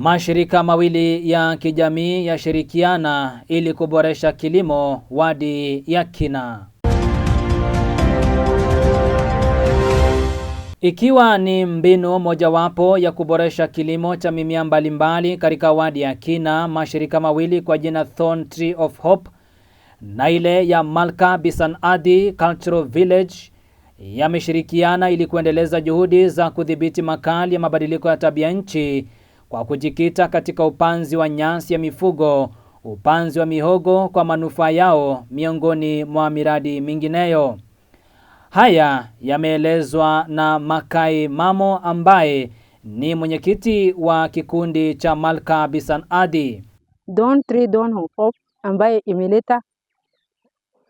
Mashirika mawili ya kijamii yashirikiana ili kuboresha kilimo wadi ya Kina. Ikiwa ni mbinu mojawapo ya kuboresha kilimo cha mimea mbalimbali katika wadi ya Kina, mashirika mawili kwa jina Thorn Tree of Hope na ile ya Malka Bisanadi Cultural Village yameshirikiana ili kuendeleza juhudi za kudhibiti makali ya mabadiliko ya tabia nchi kwa kujikita katika upanzi wa nyasi ya mifugo, upanzi wa mihogo kwa manufaa yao, miongoni mwa miradi mingineyo. Haya yameelezwa na Makai Mamo ambaye ni mwenyekiti wa kikundi cha Malka Bisan Adi. Don Tree Don Hope ambaye imeleta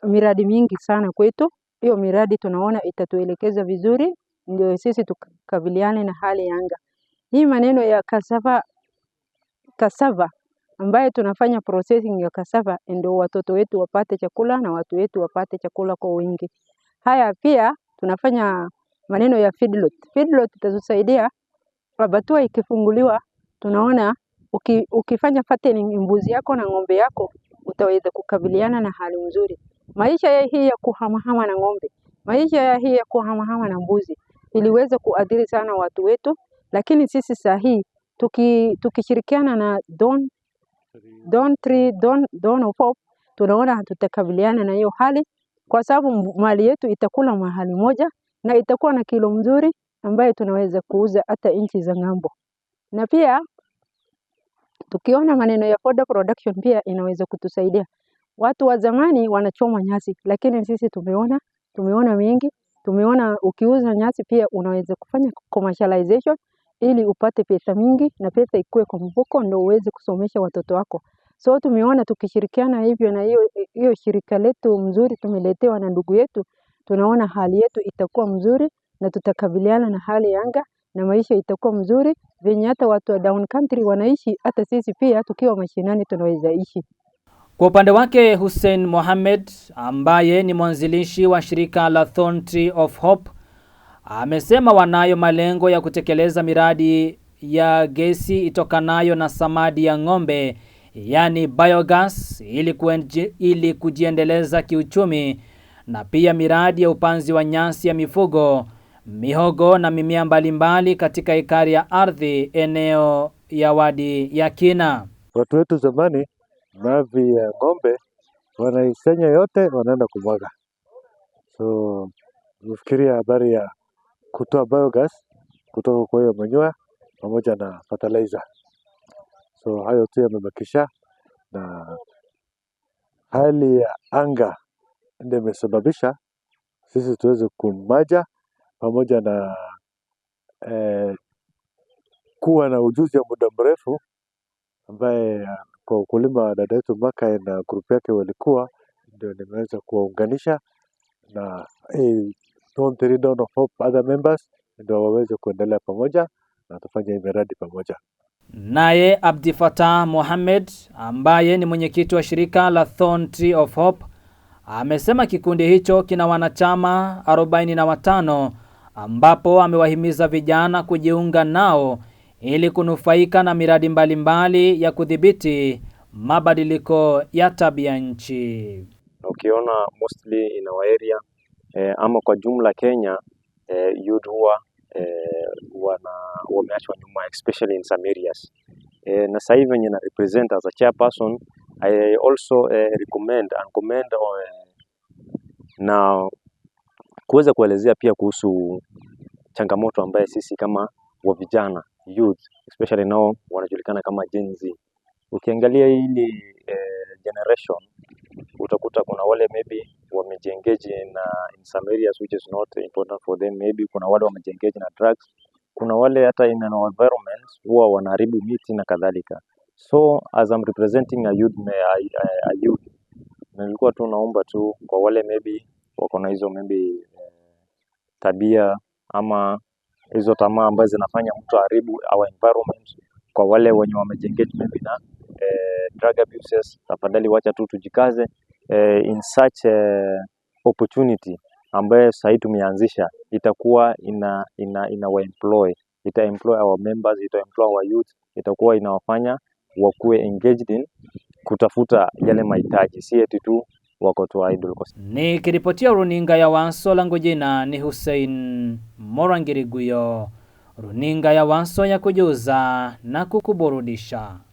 miradi mingi sana kwetu. Hiyo miradi tunaona itatuelekeza vizuri ndio sisi tukabiliane na hali ya anga. Hii maneno ya kasava, kasava ambayo tunafanya processing ya kasava ndio watoto wetu wapate chakula na watu wetu wapate chakula kwa wingi. Haya pia tunafanya maneno ya feedlot. Feedlot itatusaidia abatua ikifunguliwa, tunaona uki, ukifanya fattening mbuzi yako na ng'ombe yako utaweza kukabiliana na hali nzuri. Maisha ya hii ya kuhamahama na ng'ombe, maisha ya hii ya kuhamahama na mbuzi iliweza kuathiri sana watu wetu lakini sisi sahii tuki, tukishirikiana na Don, Don Tree, Don, Don of Hope, tunaona tutakabiliana na hiyo hali kwa sababu mali yetu itakula mahali moja na itakuwa na kilo mzuri ambayo tunaweza kuuza hata nchi za ng'ambo. Na pia tukiona maneno ya fodder production pia inaweza kutusaidia. Watu wa zamani wanachoma nyasi, lakini sisi tumeona tumeona mengi, tumeona ukiuza nyasi pia unaweza kufanya commercialization ili upate pesa mingi na pesa ikue kwa mfuko ndo uweze kusomesha watoto wako. So tumeona tukishirikiana hivyo na hiyo hiyo shirika letu mzuri tumeletewa na ndugu yetu, tunaona hali yetu itakuwa mzuri na tutakabiliana na hali ya anga na maisha itakuwa mzuri, venye hata watu wa down country wanaishi, hata sisi pia tukiwa mashinani tunaweza ishi. Kwa upande wake Hussein Mohamed ambaye ni mwanzilishi wa shirika la Thorn Tree of Hope amesema wanayo malengo ya kutekeleza miradi ya gesi itokanayo na samadi ya ng'ombe yaani biogas ili, ili kujiendeleza kiuchumi na pia miradi ya upanzi wa nyasi ya mifugo, mihogo na mimea mbalimbali katika ekari ya ardhi eneo ya wadi ya kina. Watu wetu zamani mavi ya ng'ombe wanaisenya yote, wanaenda kumwaga, so nafikiria habari ya kutoa biogas kutoka kwa hiyo manyoya pamoja na fertilizer. So hayo tu yamebakisha, na hali ya anga ndio imesababisha sisi tuweze kumaja pamoja na eh, kuwa na ujuzi wa muda mrefu ambaye eh, kwa ukulima wa dada yetu Maka na grupu yake walikuwa ndio nimeweza kuwaunganisha na eh, don't really know of Hope other members ndio waweze kuendelea pamoja na tufanye miradi pamoja. Naye Abdi Fatah Mohamed ambaye ni mwenyekiti wa shirika la Thorn Tree of Hope amesema kikundi hicho kina wanachama 45 ambapo amewahimiza vijana kujiunga nao ili kunufaika na miradi mbalimbali mbali ya kudhibiti mabadiliko ya tabia nchi. Ukiona mostly in our area e, ama kwa jumla Kenya e, youth huwa e, wana wameachwa nyuma especially in some areas e, na sasa hivi na represent as a chairperson I also e, recommend and commend on, na kuweza kuelezea pia kuhusu changamoto ambaye sisi kama wa vijana youth especially nao wanajulikana kama Gen Z. Ukiangalia hili eh, generation utakuta kuna wale maybe wamejiengage na in some areas which is not important for them. Maybe kuna wale wamejiengage na drugs, kuna wale hata in an environment huwa wanaharibu miti na kadhalika. So as I'm representing a youth, a youth nilikuwa tu naomba tu kwa wale maybe wako na hizo maybe eh, tabia ama hizo tamaa ambazo zinafanya mtu aharibu our environment, kwa wale wenye wamejengeji maybe na eh, drug abuses, tafadhali wacha tu tujikaze eh, in such a opportunity ambayo sahii tumeanzisha itakuwa ina, ina, ina employ ita employ our members, ita employ our youth, itakuwa inawafanya wakuwe engaged in kutafuta yale mahitaji, si eti tu wako tu idle. kiripotia runinga ya Wanso, langu jina ni Hussein Morangiriguyo, runinga ya Wanso ya kujuza na kukuburudisha.